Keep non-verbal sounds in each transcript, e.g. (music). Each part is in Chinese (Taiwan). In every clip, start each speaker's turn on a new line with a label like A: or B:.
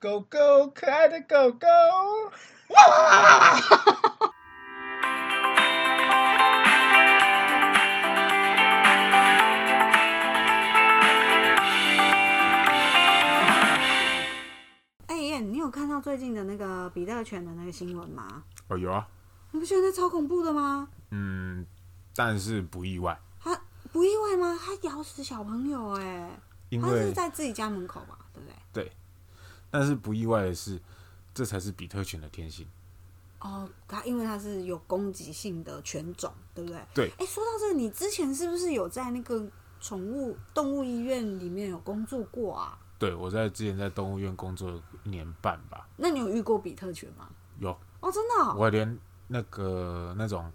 A: 狗狗，可愛的狗狗！哇，哇，哇，哇！哈哈哈哈
B: 哈！哎呀，你有看到最近的那個比特犬的那個新聞嗎？哦，有啊！你不覺得那超恐怖的嗎？
A: 嗯，但是不意外。
B: 他不意外嗎？他咬死小朋友，欸，哎，他是，是在自己家門口吧？對不對？
A: 對。但是不意外的是，這才是比特犬的天性。
B: 哦，它因為它是有攻擊性的犬種，對不對？對。哎，說到這個，你之前是不是有在那個寵物動物醫院裡面有工作過啊？
A: 對，我在之前在動物醫院工作一年半吧。
B: 那你有遇過比特犬嗎？有。哦，真的哦？我還
A: 連那個那種。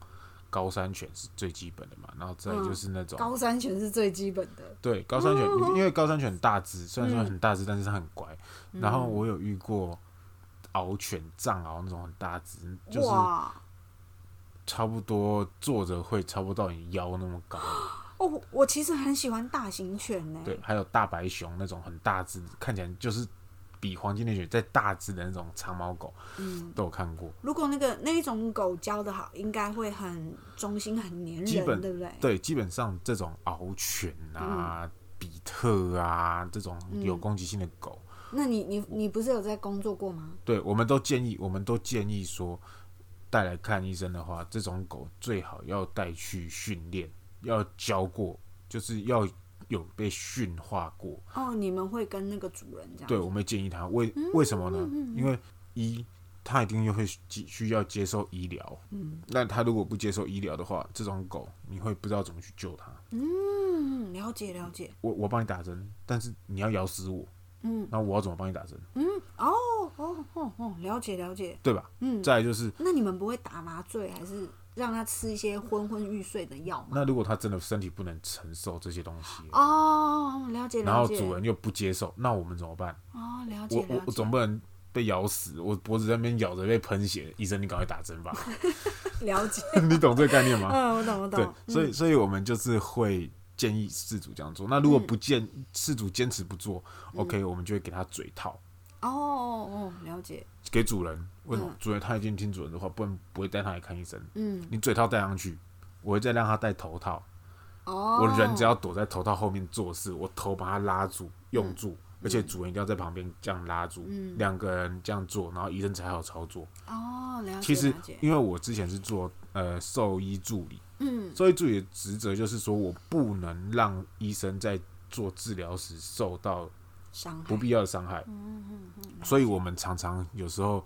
A: 高山犬是最基本的嘛，然後再就是那種、嗯、高山
B: 犬是最基本的。對，高山犬、嗯、因
A: 為高山犬很大隻、嗯，雖然說很大隻，但是它很乖。然後我有遇過獒犬、藏獒那種很大隻，就是差不多坐着會差不多到你腰那麼
B: 高。哦，我其實很喜歡大型犬呢、欸。對，
A: 還有大白熊那種很大隻，看起來就是。比黃金獵犬再大隻的那種長毛狗，嗯，都有看過。
B: 如果那個那一種狗教得好，應該會很忠心、很黏人，基本對不對？
A: 對，基本上這種獒犬啊、嗯、比特啊這種有攻擊性的狗，嗯、
B: 那你你你不是有在工作過嗎？
A: 對，我們都建議，我們都建議說，帶來看醫生的話，這種狗最好要帶去訓練，要教過，就是要。有被馴化過
B: 哦，你們會跟那個主人這樣？對，我
A: 們建議他為為什麼呢？嗯嗯嗯、因為一，他一定又會需需要接受醫療。嗯，那他如果不接受醫療的話，這種狗你會不知道怎麼去救他。
B: 嗯，了解了解。
A: 我我幫你打針，但是你要咬死我。嗯，那我要怎麼幫你打針？嗯，
B: 哦哦哦哦，了解了解，
A: 對吧？嗯，再就是
B: 那你們不會打麻醉還是？讓他吃一些昏昏欲睡的
A: 藥。那如果他真的身體不能承受這些東西，哦，
B: 了解，了解。然後主人
A: 又不接受，那我們怎麼辦？哦，了解。了解。我我總不能被咬死，我脖子在那邊咬着，被噴血。醫生，你趕快打針吧。 (laughs)
B: 了解。 (laughs) 你懂這個概念嗎？ (laughs) 嗯，我懂，我懂。對，嗯、所以
A: 所以我們就是會建議飼主這樣做。那如果不堅，飼、嗯、主堅持不做，OK，、嗯、我們就會給他嘴套。哦哦哦，了解。給主人，問主人他已經聽主人的話，不、嗯、然不會帶他來看醫生。嗯，你嘴套戴上去，我會再讓他戴頭套。哦、oh,，我人只要躲在頭套後面做事，我頭把它拉住，用住、嗯，而且主人一定要在旁邊這樣拉住、嗯，兩個人這樣做，然後醫生才好操作。
B: 哦，了解。其實因為
A: 我之前是做呃獸醫助理，嗯，獸醫助理的職責就是說我不能讓醫生在做治療時受到。不必要的傷害。所以我們常常有時候，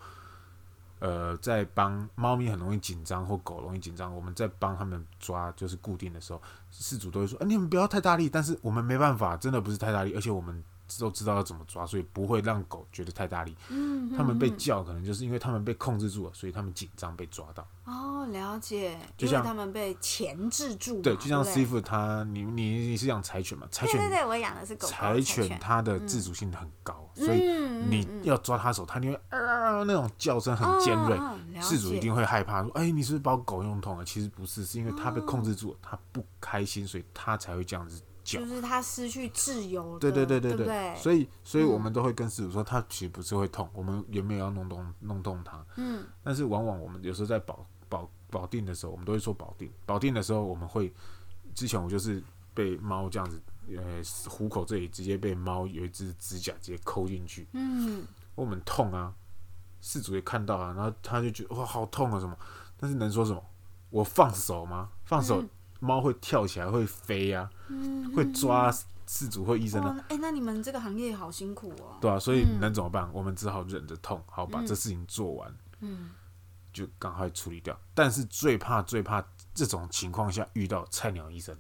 A: 呃，在幫貓咪，很容易緊張，或狗容易緊張。我們在幫他們抓，就是固定的時候，飼主都會說：“哎，你們不要太大力。”但是我們沒辦法，真的不是太大力，而且我們。都知道要怎麼抓，所以不會讓狗覺得太大力。嗯、哼
B: 哼他們被
A: 叫可能就是因為他們被控制住了，所以他們緊張被抓到。哦，
B: 了解。就像他們被鉗制住。對，就像對對對 Seafood 他，
A: 你你你，你是養柴犬嗎？柴犬，現在我養的是柴犬。
B: 柴犬它的自主
A: 性很高，嗯、所以你要抓它的時候，它因為那種叫聲很尖銳，飼、哦、主一定會害怕說，哎、欸，你是不是把我狗用痛了？其實不是，是因為它被控制住了，它、哦、不開心，所以它才會這樣子。就是
B: 他失去自由了，對對對對對，對對所以
A: 所以我們都會跟飼主說，他其實不是會痛、嗯，我們也沒有要弄動弄動他。嗯，但是往往我們有時候在保保保定的時候，我們都會說保定，保定的時候，我們會之前我就是被貓這樣子，呃，虎口這裡直接被貓有一隻指甲直接摳進去，嗯，我們痛啊，飼主也看到啊，然後他就覺得哇、哦、好痛啊什麼，但是能說什麼？我放手嗎？放手？嗯貓會跳起來，會飛呀、啊嗯，會抓飼主或醫生的、啊。哎、哦
B: 欸，那你們這個行業好辛苦哦。
A: 對啊，所以能怎麼辦？嗯、我們只好忍着痛，好把這事情做完。嗯，就趕快處理掉。但是最怕最怕這種情況下遇到菜鳥醫生。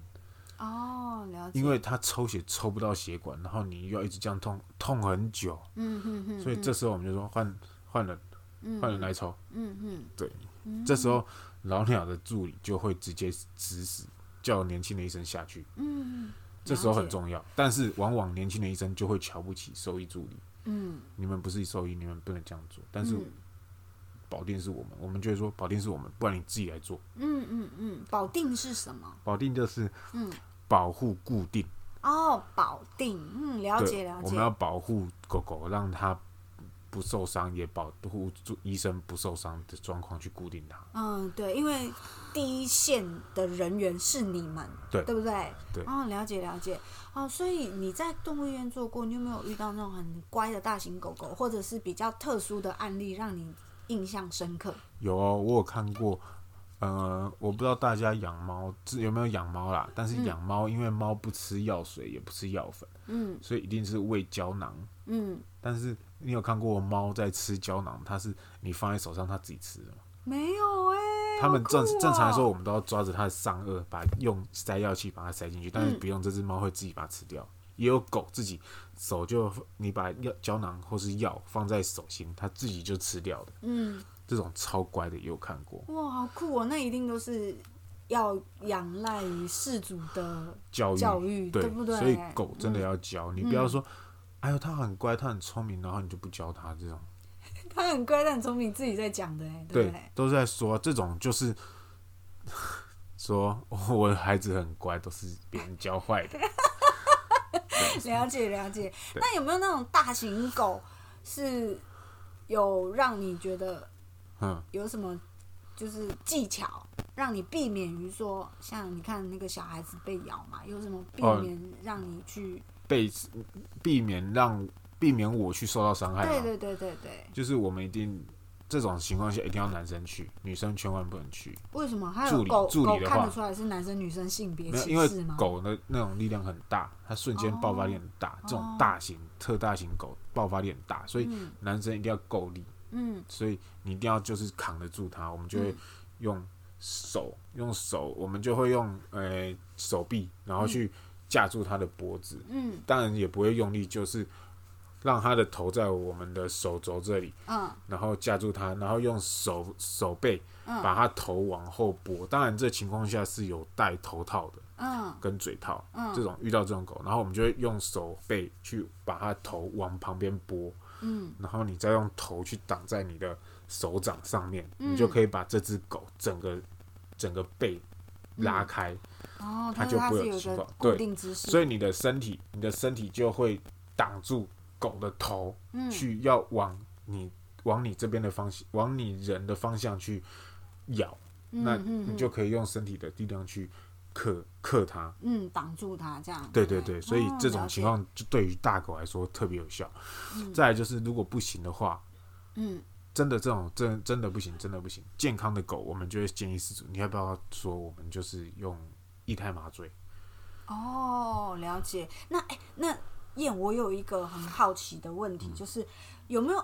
A: 哦，
B: 了解。因為
A: 他抽血抽不到血管，然後你又要一直這樣痛痛很久。嗯嗯所以這時候我們就說換換人，換、嗯、人來抽。嗯
B: 嗯。
A: 對嗯，這時候。老鳥的助理就會直接指使叫年輕的醫生，下去。嗯，這時候很重要，但是往往年輕的醫生就會瞧不起獸醫助理。嗯，你們不是獸醫，你們不能這樣做。但是保定是我們，我們覺得說，保定是我們，不然你自己來做。嗯嗯嗯，
B: 保定是什麼？
A: 保定就是嗯保護固定。
B: 哦，保定，嗯，了解了解。我們要
A: 保護狗狗，讓它。不受傷也保護住醫生不受傷的狀況去固定它嗯，
B: 對，因為第一線的人員是你們，對，對不對？對。哦，了解了解。哦，所以你在動物醫院做過，你有沒有遇到那種很乖的大型狗狗，或者是比較特殊的案例讓你印象深刻？
A: 有哦，我有看過。嗯、呃，我不知道大家養貓有沒有養貓啦，但是養貓、嗯、因為貓不吃藥水，也不吃藥粉，嗯，所以一定是餵膠囊。嗯，但是你有看過貓在吃膠囊？它是你放在手上，它自己吃的嗎？
B: 沒有哎、欸，哦，他們正正常來說，我們
A: 都要抓着它的上顎，把用塞藥器把它塞進去。但是不用，這只貓會自己把它吃掉。嗯、也有狗自己手就你把藥膠囊或是藥放在手心，它自己就吃掉的。
B: 嗯，
A: 這種超乖的也有看過。
B: 哇，好酷哦！那一定都是要仰賴飼主的教育，教育對，對不對？所以狗真的要
A: 教，嗯、你不要說。嗯還、哎、有他很乖，他很聰明，然後你就不教他這種。
B: 他很乖，他很聰明，自己在講的哎，對不對？
A: 都在說這種就是、嗯、說我，我的孩子很乖，都是別人教壞的
B: (laughs) 了解了解，那有沒有那種大型狗是有讓你覺得嗯有什麼就是技巧讓你避免於說像你看那個小孩子被咬嘛？有什麼避免讓你去、嗯？
A: 被避免讓避免我去受到傷害。對對
B: 對對
A: 對，就是我們一定這種情況下一定要男生去，女生千萬不能去。
B: 為什麼？助理助理看得出來是男生女生，性別歧視嗎？因為狗
A: 那那種力量很大，它瞬間爆發力很大，這種大型特大型狗爆發力很大，所以男生一定要夠力。嗯，所以你一定要就是扛得住它，我們就會用手用手，我們就會用誒、呃、手臂，然後去。架住它的脖子，嗯，當然也不會用力，就是讓它的頭在我們的手肘這裡，嗯，然後架住它，然後用手手背把它頭往後撥，嗯。當然，這情況下是有戴頭套的，嗯，跟嘴套，嗯，這種遇到這種狗，然後我們就會用手背去把它頭往旁邊撥，嗯，然後你再用頭去擋在你的手掌上面，嗯，你就可以把這隻狗整個整個背。拉開、嗯哦，它就不會有情況。對，所以你的身體，你的身體就會擋住狗的頭，嗯、去要往你往你這邊的方向，往你人的方向去咬。嗯、哼哼那你就可以用身體的力量去克克它，嗯，
B: 擋住它這樣。對對對，對對對哦、所以這種情
A: 況就對於大狗來說特別有效。嗯、再來就是，如果不行的話，嗯。真的這種真的真的不行，真的不行。健康的狗，我們就會建議飼主，你要不要說我們就是用一台麻醉。
B: 哦，了解。那哎、欸，那燕，我有一個很好奇的問題，嗯、就是有沒有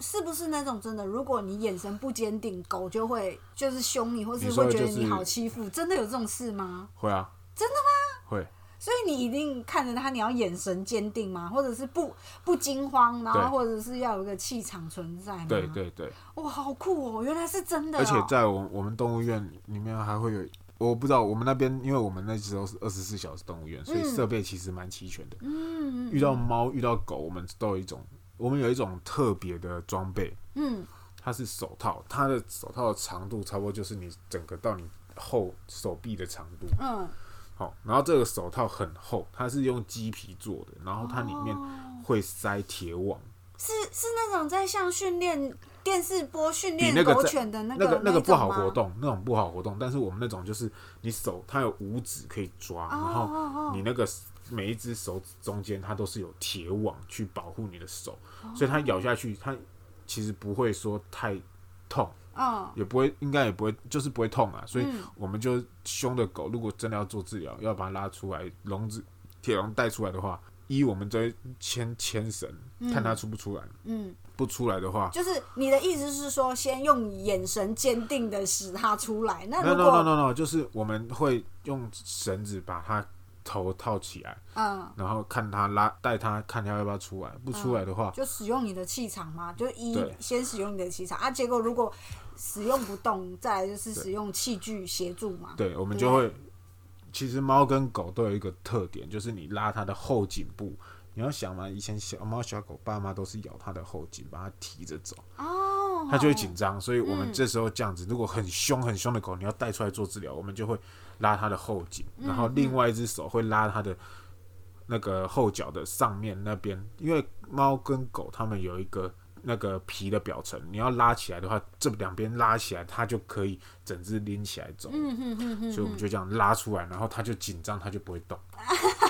B: 是不是那種真的，如果你眼神不堅定，狗就會就是凶你，或是會覺得你好欺負、就是？真的有這種事嗎？會啊。真的嗎？會。所以你一定看着他，你要眼神堅定嗎？或者是不不驚慌，然後或者是要有個氣場存在嗎？對對對，哇，好酷哦、喔！原來是真的、喔。而且
A: 在我我們動物園裡面還會有，我不知道我們那邊，因為我們那時候是二十四小時動物園，嗯，所以設備其實蠻齊全的。嗯，遇到貓，遇到狗，我們都有一種，我們有一種特別的裝備。嗯，它是手套，它的手套的長度差不多就是你整個到你後手臂的長度。嗯。好，然後這個手套很厚，它是用雞皮做的，然後它裡面會塞鐵網，
B: 是是那種在像訓練電視播訓練狗犬的那個那個那個不好活
A: 動，那種不好活動，但是我們那種就是你手它有五指可以抓，哦，然後你那個每一隻手指中間它都是有鐵網去保護你的手，哦，所以它咬下去它其實不會說太痛。啊、哦，也不會，應該也不會，就是不會痛啊。所以我們就凶的狗，如果真的要做治療、嗯，要把它拉出來，籠子、鐵籠帶出來的話，一我們就會牽牽繩，看它出不出來。嗯，不出來的話，就是
B: 你的意思是說，先用眼神堅定的使它出來。那如果 no no, no no
A: no no no，就是我們會用繩子把它。頭套起來，嗯，然後看他拉帶他，看他要不要出來，不出來的話，嗯，就
B: 使用你的氣場嘛，就一先使用你的氣場啊，結果如果使用不動，再來就是使用器具協助嘛。對，我們就會，
A: 其實貓跟狗都有一個特點，就是你拉它的後頸部，你要想嘛，以前小貓小狗爸媽都是咬它的後頸，把它提着走，哦，它就會緊張，嗯，所以我們這時候這樣子，如果很凶很凶的狗，你要帶出來做治療，我們就會。拉它的後頸，然後另外一隻手會拉它的那個後腳的上面那邊，因為貓跟狗它們有一個那個皮的表層，你要拉起來的話，這兩邊拉起來，它就可以整隻拎起來走。嗯嗯嗯，所以我們就這樣拉出來，然後它就緊張，它就不會動。啊，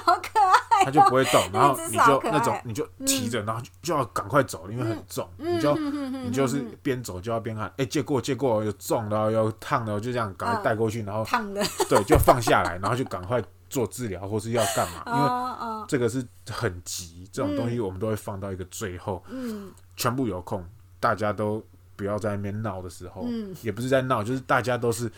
A: 好
B: 可愛。他就不會動，哎、然後你就那種，你就提着、嗯，
A: 然後就要趕快走，因為很重。嗯、你就、嗯、你就是邊走就要邊看，哎、嗯欸，借過，借過！又重的，然後又燙的，就這樣趕快帶過去，嗯、然後燙的。對，就放下來， (laughs) 然後就趕快做治療，或是要幹嘛？因為這個是很急、哦，這種東西我們都會放到一個最後，嗯、全部有空，大家都不要在那邊鬧的時候、嗯，也不是在鬧，就是大家都是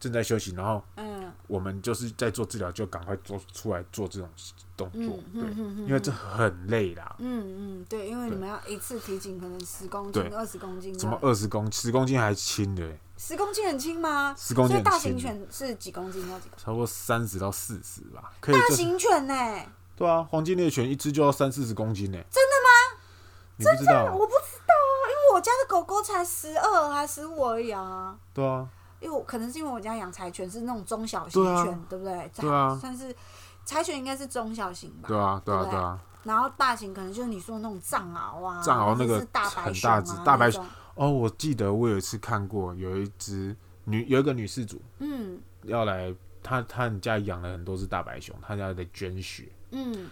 A: 正在休息，然後。嗯我們就是在做治療，就趕快做出來做這種動作，嗯、對、嗯嗯，因為這很累啦。
B: 嗯嗯，對，因為你們要一次提緊，可能十公斤、二十公斤。什麼二
A: 十公十公斤還輕的、欸？
B: 十公斤很輕嗎？十公斤，所以大型犬是幾公斤？要
A: 幾？差不多三十到四十吧可以、就是。大型犬呢、欸？對啊，黃金獵犬一隻就要三四十公斤呢、欸。真的嗎、啊？真的？我
B: 不知道啊，因為我家的狗狗才十二還十五而已啊。對啊。因、欸、為我可能是因為我家養柴犬是那種中小型犬，對，、啊、對不對？對啊，算是柴犬應該是中小型吧。對啊，對啊對對，對啊，對啊。然後大型可能就是你說的那種藏獒啊。藏獒那個是大白熊、啊、很大隻，大白熊。
A: 哦，我記得我有一次看過，有一隻女有一個女飼主，嗯，要來她她家養了很多隻大白熊，她家在捐血，嗯。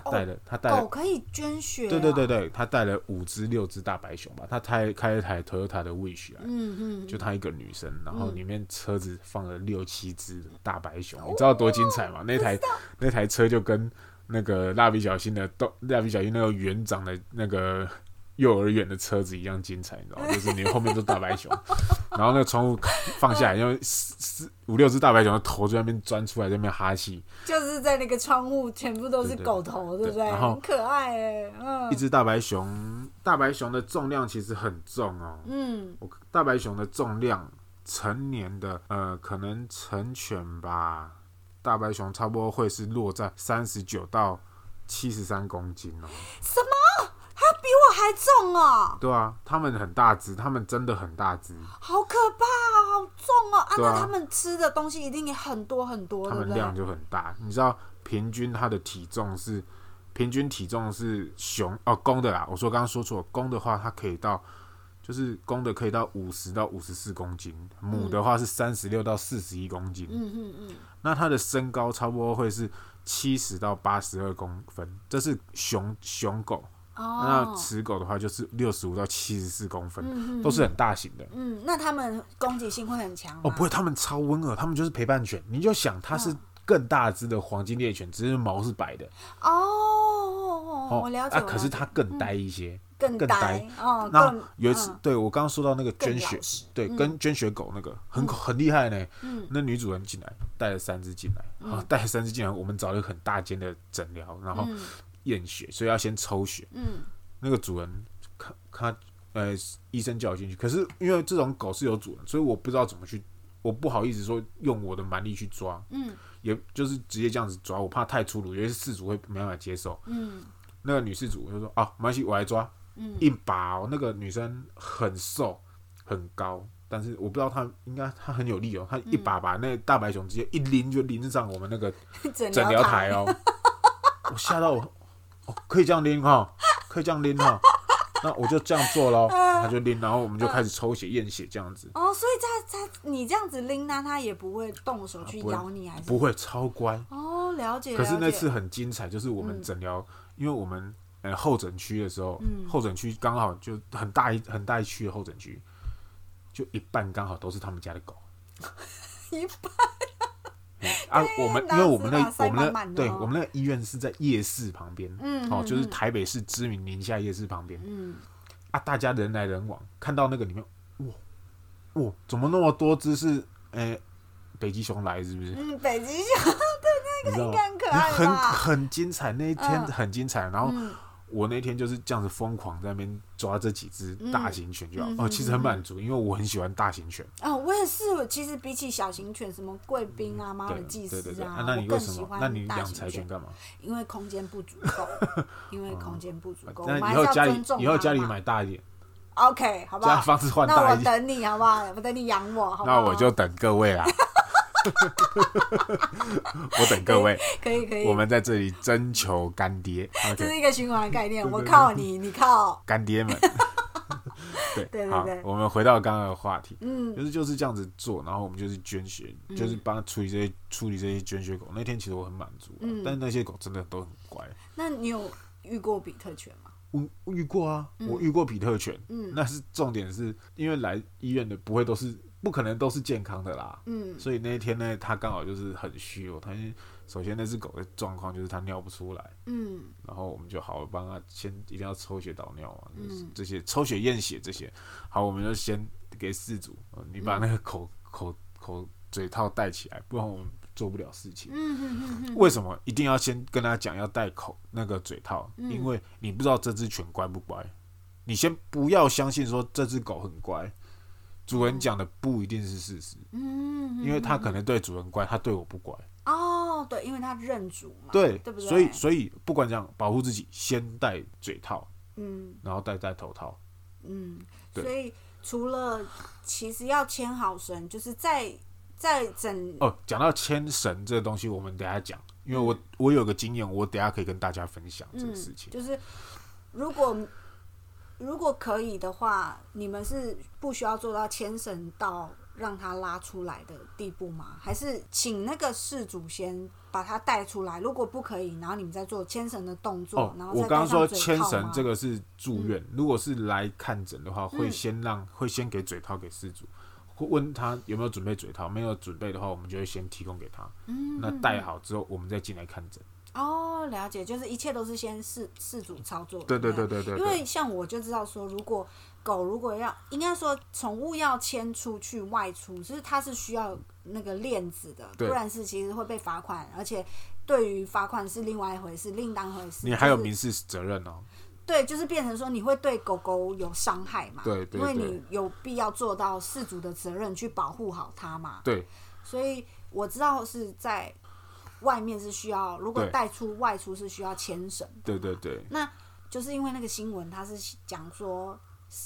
A: 他帶了，他、哦、帶了可
B: 以捐血、啊。對對對對，
A: 他帶了五隻六隻大白熊吧，他開開一台 Toyota 的 Wish 就他一個女生，然後裡面車子放了六七隻大白熊、嗯，你知道多精彩嗎？哦、那台那台車就跟那個蠟筆小新的動，蠟筆小新那個園長的那個。幼兒園的車子一樣精彩，你知道就是你後面都是大白熊， (laughs) 然後那個窗戶放下來，因為四四五六隻大白熊的頭在那邊鑽出來，在那邊哈氣，
B: 就是在那個窗戶全部都是狗頭，對，對，對不對，對？很可愛，欸，嗯。一
A: 隻大白熊，大白熊的重量其實很重哦。嗯，大白熊的重量，成年的呃，可能成犬吧，大白熊差不多會是落在三十九到七十三公斤哦。
B: 什麼？比我還重
A: 啊、哦！對啊，他們很大只，他們真的很大只，
B: 好可怕、啊，好重哦、啊啊！啊，照他們吃的東西一定也很多很多。他們量
A: 就很大，嗯、你知道，平均他的體重是平均體重是熊哦，公的啦。我說剛剛說錯，公的話它可以到，就是公的可以到五十到五十四公斤，母的話是三十六到四十一公斤。嗯嗯嗯，那它的身高差不多會是七十到八十二公分，這是熊熊狗。哦、那雌狗的話就是六十五到七十四公分、嗯哼哼，都是很大型的。嗯，
B: 那他們攻擊性會很強
A: 哦？不會，他們超溫和，他們就是陪伴犬。你就想它是更大只的黃金獵犬、嗯，只是毛是白的。哦，
B: 哦哦了我了解。啊、可是它
A: 更呆一些、嗯
B: 更呆，更呆。哦，然後有一次、嗯，
A: 對我剛剛說到那個捐血，對、嗯，跟捐血狗那個很、嗯、很厲害呢、嗯。那女主人進來帶了三只進來、嗯，啊，帶了三只進來，我們找了一個很大間的診療，然後。嗯驗血，所以要先抽血。嗯，那個主人，他他，呃，醫生叫我進去。可是因為這種狗是有主人，所以我不知道怎麼去，我不好意思說用我的蠻力去抓。嗯，也就是直接這樣子抓，我怕太粗魯，有些飼主會沒辦法接受。嗯，那個女飼主就說：“啊，沒關係，我來抓。”嗯，一把、哦，那個女生很瘦很高，但是我不知道她應該她很有力哦，她一把把、嗯、那個、大白熊直接一拎就拎上我們那個診療台哦。台 (laughs) 我嚇嚇到我。 (laughs) 哦，可以這樣拎哈，可以這樣拎哈， (laughs) 那我就這樣做嘍。 (laughs) 他就拎，然後我們就開始抽血、呃、驗血這樣子。
B: 哦，所以他他你這樣子拎呢、啊，他也不會動手去咬你、啊、還是不會
A: 超乖哦，
B: 了，了解。可是那次
A: 很精彩，就是我們診療、嗯，因為我們呃候診區的時候，候診區剛好就很大一很大一區的候診區，就一半剛好都是他們家的狗， (laughs) 一半。嗯、啊，我們 (laughs) 因為我們那 (laughs) 我們的那， (laughs) 我們那 (laughs) 對我們那個醫院是在夜市旁邊、嗯，嗯，哦，就是台北市知名寧夏夜市旁邊，嗯，啊，大家人來人往，看到那個裡面，哇，哇，怎麼那麼多隻是，誒、欸，北極熊來是不是？嗯，
B: 北極熊
A: 的那個應該可愛吧，很很，很精彩，那一天很精彩、嗯，然後。我那天就是這樣子瘋狂在那邊抓這幾隻大型犬就好、嗯、哦，其實很滿足、嗯，因為我很喜歡大型犬、
B: 嗯嗯嗯。哦，我也是，其實比起小型犬，什麼貴賓啊、嗯、啊、瑪爾濟斯啊、對對、對、啊。那你啊，什更喜歡大型犬幹嘛？因為空間不足夠、 (laughs) 嗯，因為空間不足夠，那、嗯、以後家裡以後家裡買大一點，OK，好吧？那我等你，好不好？我等你養我，好不好？那我就
A: 等各位啊。 (laughs)
B: (laughs) 我等各位，可以可以，我
A: 們在這裡徵求乾爹，這是一個循環概念。我靠你，你靠乾爹們，對對對，好，我們回到剛剛的話題，嗯，就是就是這樣子做，然後我們就是捐血，就是幫他處理這些處理這些捐血狗。那天其實我很滿足，嗯，但是那些狗真的都很乖。那
B: 你有遇過比特犬嗎？
A: 我遇過啊，啊、我遇過比特犬，嗯，那是重點是因為來醫院的不會都是。不可能都是健康的啦，嗯，所以那一天呢，他剛好就是很虛弱、喔。他先首先那隻狗的狀況就是它尿不出來，嗯，然後我們就好，好幫他先一定要抽血導尿啊，嗯就是、這些抽血驗血這些，好，我們就先給飼主，你把那個口、嗯、口口嘴套戴起來，不然我們做不了事情。嗯、哼哼哼為什麼一定要先跟他講要戴口那個嘴套、嗯？因為你不知道這隻犬乖不乖，你先不要相信說這隻狗很乖。主人講的不一定是事實，
B: 嗯、哦，因為他可能
A: 對主人乖，他對我不乖。
B: 哦，對，因為他認主嘛，對，對不對？所以，
A: 所以不管怎樣，保護自己，先戴嘴套，嗯，然後戴戴頭套，嗯，
B: 對。所以除了其實要牽好繩，就是在在整哦，
A: 講到牽繩這個東西，我們等一下講，因為我、嗯、我有個經驗，我等一下可以跟大家分享這個事
B: 情、嗯，就是如果。如果可以的話，你們是不需要做到牽繩到讓他拉出來的地步嗎？還是請那個飼主先把他帶出來？如果不可以，然後你們再做牽繩的動作。然後哦、我剛剛說牽繩，這
A: 個是住院。嗯、如果是來看診的話，會先讓會先給嘴套給飼主，會、嗯、問他有沒有準備嘴套，沒有準備的話，我們就會先提供給他。嗯、那戴好之後，我們再進來看診。
B: 哦、oh，，了解，就是一切都是先飼飼主操作。對對對對對，對。因為像我就知道說，如果狗如果要，應該說寵物要牽出去外出，其實它是需要那個鏈子的，不然是其實會被罰款，而且對於罰款是另外一回事，另當回事，就是。你還有
A: 民事責任哦。
B: 對，就是變成說你會對狗狗有傷害嘛？對對，因為你有必要做到飼主的責任去保護好它嘛。對。所以我知道是在。外面是需要，如果帶出外出是需要牽繩的。
A: 對對對。那
B: 就是因為那個新聞，他是講說，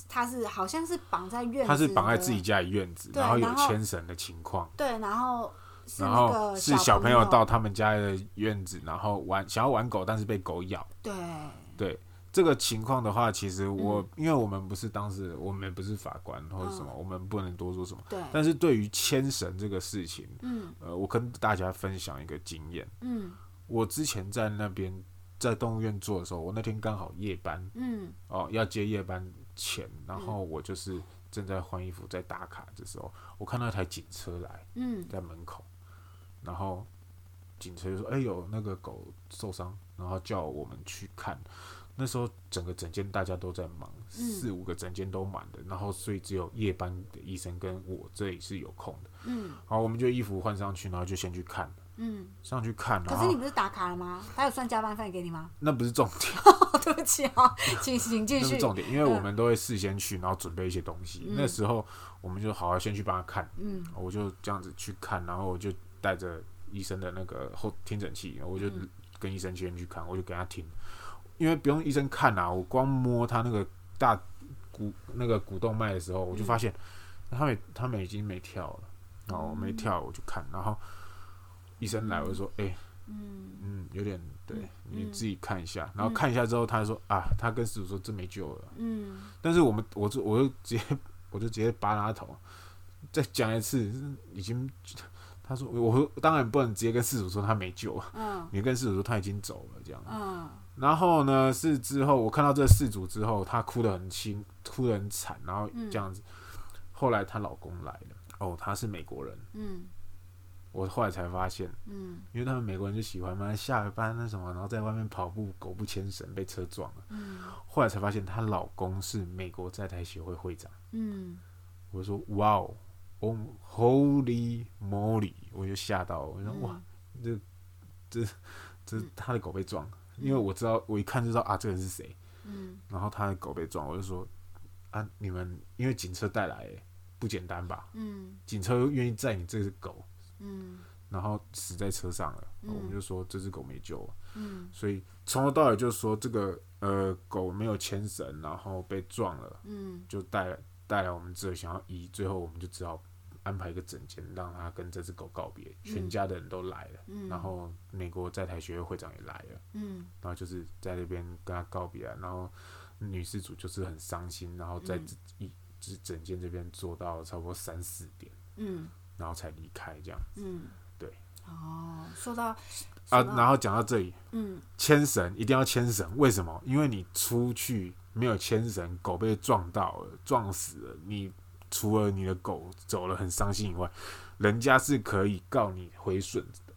B: 他是好像是綁在院子，他是綁在自己家的院子，然後有牽
A: 繩的情況。
B: 對，然後然後，然後是小朋友到他
A: 們家的院子，然後玩，想要玩狗，但是被狗咬。對對。這個情況的話，其實我、嗯、因為我們不是當事我們不是法官或者什麼、嗯，我們不能多說什麼。但是對於牽繩這個事情，嗯、呃，我跟大家分享一個經驗。嗯。我之前在那邊在動物院做的時候，我那天剛好夜班，嗯，哦，要接夜班前，然後我就是正在換衣服在打卡的時候，嗯、我看到一台警車來，嗯，在門口、嗯，然後警車就說：“哎呦，那個狗受傷，然後叫我們去看。”那時候整個診間，大家都在忙，嗯、四五個診間都滿的，然後所以只有夜班的醫生跟我這裡是有空的。嗯，好，我們就衣服換上去，然後就先去看。嗯，上去看。可是你不
B: 是打卡了嗎？他有算加班費給你嗎？那不是重點，呵呵對不起啊，請請繼續。不 (laughs) 是重點，
A: 因為我們都會事先去，然後準備一些東西。嗯、那時候我們就好好先去幫他看。嗯，我就這樣子去看，然後我就帶着醫生的那個後聽診器，然後我就跟醫生先去看，我就給他聽。因為不用醫生看吶、啊，我光摸他那個大骨那個股動脈的時候、嗯，我就發現，他們他們已經沒跳了。哦，沒跳，我就看、嗯，然後醫生來我就說，哎、欸，嗯嗯，有點對、嗯，你自己看一下。然後看一下之後他就，他、嗯、說啊，他跟飼主說這沒救了。嗯，但是我們我就我就直接我就直接扒拉頭，再講一次，已經。他說：“我當然不能直接跟事主說他沒救，你、oh. 跟事主說他已經走了這樣子。
B: Oh.
A: 然後呢，是之後我看到這事主之後，他哭得很輕，哭得很慘，然後這樣子。嗯、後來她老公來了，哦，他是美國人、嗯。我後來才發現，因為他們美國人就喜歡嘛，下了班那什麼，然後在外面跑步，狗不牽繩被車撞了、嗯。後來才發現她老公是美國在台協會會長。嗯，我說哇哦。”我、Oh, holy moly！我就嚇到了，我、嗯、說哇，這、這、這他的狗被撞了、嗯，因為我知道，我一看就知道啊，這個人是誰。嗯。然後他的狗被撞，我就說啊，你們因為警車帶來不簡單吧？嗯。警車願意載你這隻狗？嗯。然後死在車上了，我們就說這隻狗沒救了。嗯。所以從頭到尾就是說，這個呃狗沒有牽繩，然後被撞了。嗯。就帶帶來我們這想要醫，最後我們就只好。安排一個診間，讓他跟這隻狗告別，嗯。全家的人都來了，嗯，然後美國在台學會會長也來了，嗯，
B: 然
A: 後就是在那邊跟他告別啊。然後女飼主，就是很傷心，然後在一隻診間這邊坐到了差不多三四點，嗯，然後才離開這樣子，嗯，對。
B: 哦，說到啊，然後講
A: 到這裡，嗯，牽繩一定要牽繩，為什麼？因為你出去沒有牽繩，狗被撞到了，撞死了你。除了你的狗走了很傷心以外，人家是可以告你毀損的，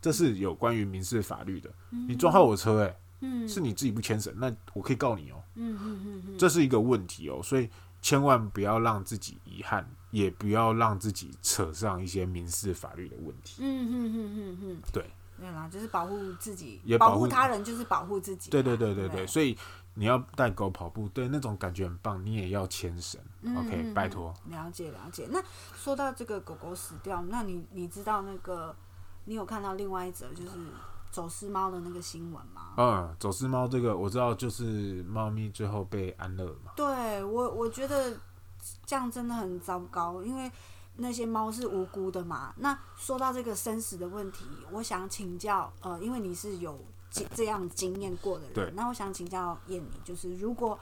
A: 這是有關於民事法律的。你撞壞我車，欸，誒，是你自己不牽繩，那我可以告你哦。
B: 這是一
A: 個問題哦，所以千萬不要讓自己遺憾，也不要讓自己扯上一些民事法律的問
B: 題。嗯嗯嗯嗯嗯，對。對啦，就是保護自己，保護他人，就是保護自己。對對對對對，對，所以
A: 你要帶狗跑步，對那種感覺很棒，你也要牽繩、嗯。OK，拜託、嗯。
B: 了解了解。那說到這個狗狗死掉，那你你知道那個，你有看到另外一則就是走私貓的那個新聞嗎？
A: 嗯，走私貓這個我知道，就是貓咪最後被安
B: 樂嘛。對我我覺得這樣真的很糟糕，因為。那些貓是無辜的嘛？那說到這個生死的問題，我想請教，呃，因為你是有這樣經驗過的人，對，那我想請教燕妮，就是如果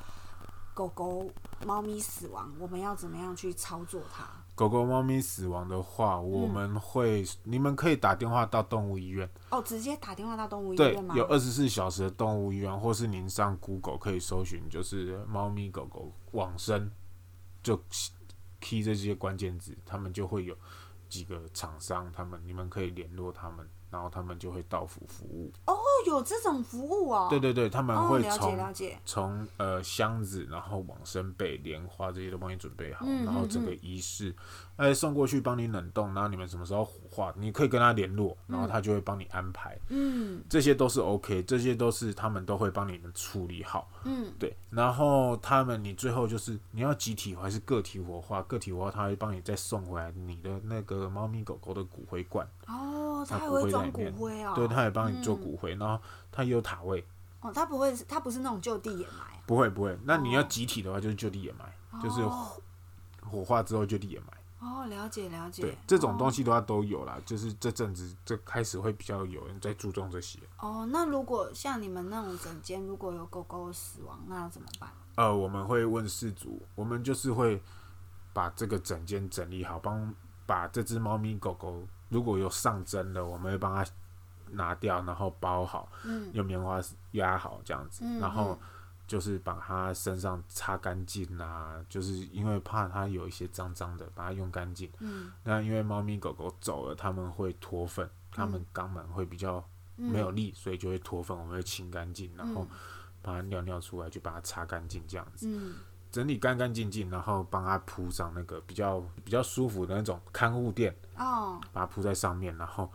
B: 狗狗、貓咪死亡，我們要怎麼樣去操作它？
A: 狗狗、貓咪死亡的話，我們會、嗯，你們可以打電話到動物醫院
B: 哦。直接打電話到動物醫院嗎？有二
A: 十四小時的動物醫院，或是您上 Google 可以搜尋，就是貓咪、狗狗往生就。批這些關鍵字，他們就會有幾個廠商，他們你們可以聯絡他們，然後他們就會到府服務。
B: 有這種服務哦，對
A: 對對，他們會從從、哦、呃箱子，然後往生被蓮花這些都幫你準備好，嗯、然後整個儀式，哎、嗯嗯、送過去幫你冷凍，然後你們什麼時候火化，你可以跟他聯絡，然後他就會幫你安排。嗯，這些都是 OK，這些都是他們都會幫你們處理好。嗯，對，然後他們你最後就是你要集體還是個體火化？個體火化，他會幫你再送回來你的那個貓咪狗狗的骨灰罐。哦，他骨灰在他會裝骨灰啊？對，他也幫你做骨灰，嗯、然後。它也有塔位哦，
B: 它不會，它不是那種就地掩埋、
A: 啊，不會不會。那你要集體的話，就是就地掩埋。哦，就是火化之後就地掩埋。
B: 哦，了解了解。對，這種東
A: 西的話都有啦。哦，就是這陣子這開始會比較有人在注重這些。
B: 哦，那如果像你們那種整間如果有狗狗死亡，
A: 那怎麼辦？呃，我們會問事主，我們就是會把這個整間整理好，幫把這只貓咪狗狗，如果有上針的，我們會幫它。拿掉，然後包好，用棉花壓好這樣子、嗯，然後就是把它身上擦乾淨啊，就是因為怕它有一些髒髒的，把它用乾淨。那、嗯、因為貓咪狗狗走了，它們會脫糞，它、嗯、們肛門會比較沒有力，所以就會脫糞，我們會清乾淨，然後把它尿尿出來就把它擦乾淨這樣子，整理乾乾淨淨，然後幫它鋪上那個比較比較舒服的那種看護墊，
B: 哦，
A: 把它鋪在上面，然後。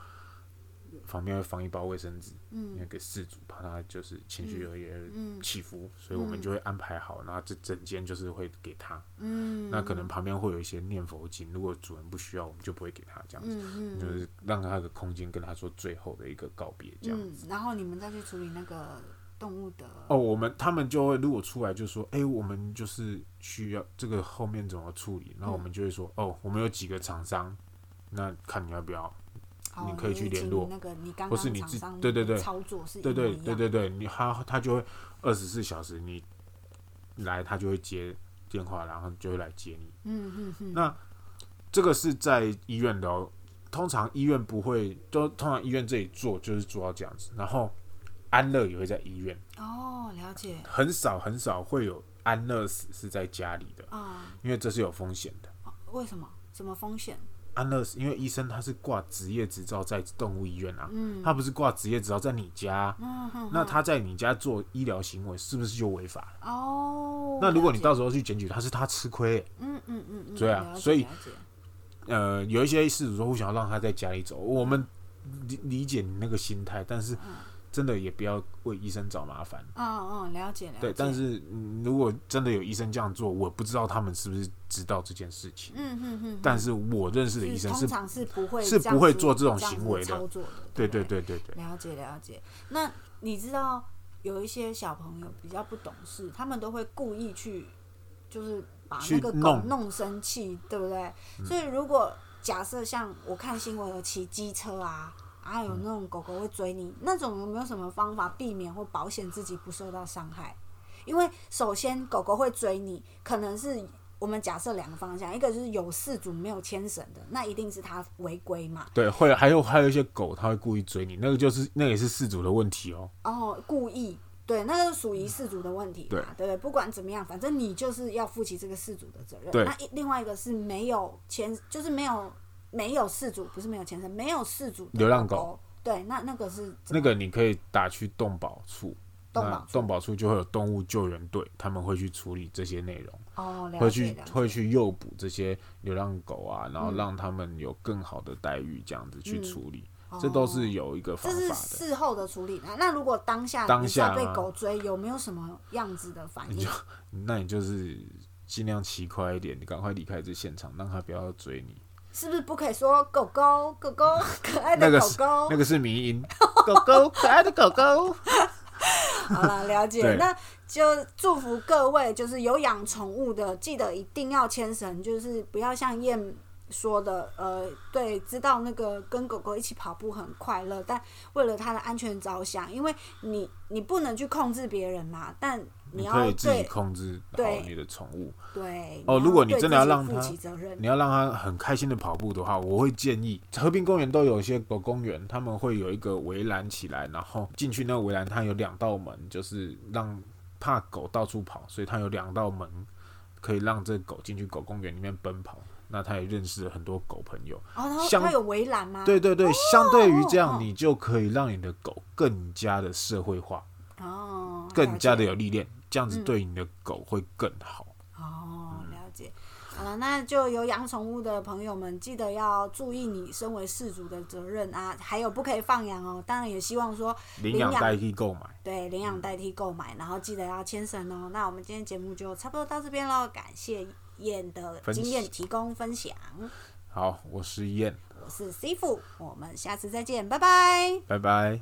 A: 旁邊會放一包衛生紙，那個飼主怕他就是情緒有一些起伏，所以我們就會安排好，那這整間就是會給他。嗯、
B: 那可能
A: 旁邊會有一些念佛經，如果主人不需要，我們就不會給他這樣子、嗯嗯，就是讓他的空間跟他說最後的一個告別這樣子。
B: 子、嗯，然後你們再去處理那個動
A: 物的哦，oh, 我們他們就會如果出來就說，哎、欸，我們就是需要這個後面怎麼處理，然後我們就會說，哦、嗯，oh, 我們有幾個廠商，那看你要不要。Oh, 你可以去聯絡，不是你自己？對對對，操作是一，對對對對對，你他他就會二十四小時你來，他就會接電話，然後就會來接你。嗯嗯嗯。那這個是在醫院的、哦，通常醫院不會，都通常醫院這裡做就是做到這樣子，然後安樂也會在醫院。
B: 哦、oh,，了解。很
A: 少很少會有安樂死是在家裡的啊，oh. 因為這是有風險的。
B: Oh, 為什麼？什麼風險？
A: 安樂死，因為醫生他是掛職業執照在動物醫院啊，嗯嗯嗯嗯，他不是掛職業執照在你家，
B: 那他
A: 在你家做醫療行為是不是就違法？
B: 哦，那如果你
A: 到時候去檢舉，他是他吃虧，嗯嗯嗯
B: 嗯。對啊，所以，
A: 呃，有一些飼主說，我想要讓他在家裡走，我們理理解你那個心態，但是。真的也不要為醫生找麻煩。嗯、
B: 哦、嗯、哦，了解了解。對，但
A: 是、嗯、如果真的有醫生這樣做，我不知道他們是不是知道這件事情。嗯嗯
B: 嗯。但
A: 是我認識的醫生，通常是不會是不會做這種行為的操作的。對對對對
B: 對，了解了解。那你知道有一些小朋友比較不懂事，他們都會故意去，就是把那個狗弄生氣，對不對？所以如果、嗯、假設像我看新聞有騎機車啊。啊、哎，有那種狗狗會追你，那種有沒有什麼方法避免或保險自己不受到傷害？因為首先狗狗會追你，可能是我們假設兩個方向，一個就是有飼主沒有牽繩的，那一定是他違規嘛。
A: 對，會還有還有一些狗，他會故意追你，那個就是那個、也是飼主的問題哦。
B: 哦，故意對，那就屬於飼主的問題嘛、嗯對。對對對，不管怎麼樣，反正你就是要負起這個飼主的責任。對那一另外一個是沒有牽，就是沒有。沒有飼主，不是沒有牽繩，沒有飼主，流浪狗，對，那那個是
A: 那個，你可以打去動保處，動保處，處就會有動物救援隊、嗯，他們會去處理這些內容，哦，會去會去誘捕這些流浪狗啊、嗯，然後讓他們有更好的待遇，這樣子去處理，嗯，這都是有一個方法的，
B: 這是事後的處理，那那如果當下當下被狗追，啊，有沒有什麼樣子的反
A: 應？你就，那你就是盡量騎快一點，你趕快離開這現場，讓他不要追你。
B: 是不是不可以說狗狗狗狗可愛的狗狗？ (laughs) 那個，那個是迷因， (laughs) 狗狗可愛的狗狗。 (laughs) 好了，了解。。 (laughs) 那就祝福各位，就是有養寵物的，記得一定要牽繩，就是不要像燕說的，呃，對，知道那個跟狗狗一起跑步很快樂，但為了它的安全着想，因為你你不能去控制別人嘛，但。你可以自己控制好你
A: 的寵物。對，對，對，對哦，如果你真的要讓它，你要讓它很開心的跑步的話，我會建議和平公園都有一些狗公園，他們會有一個圍欄起來，然後進去那個圍欄，它有兩道門，就是讓怕狗到處跑，所以它有兩道門可以讓這狗進去狗公園裡面奔跑，那它也認識了很多狗朋友。
B: 哦，然後它有圍欄嗎？對對對，相對於這樣，哦，
A: 你就可以讓你的狗更加的社會化哦，更加的有歷練哦這樣子對你的狗會更
B: 好。嗯嗯、哦，了解。好、嗯、了，那就有養寵物的朋友們，記得要注意你身為飼主的責任啊，還有不可以放養哦。當然也希望說領養代替購買，對，領養代替購買、嗯，然後記得要牽繩哦。那我們今天節目就差不多到這邊嘍，感謝燕的經驗提供分享。分
A: 好，我是燕，
B: 我是 Seafood。我們下次再見，拜拜，
A: 拜拜。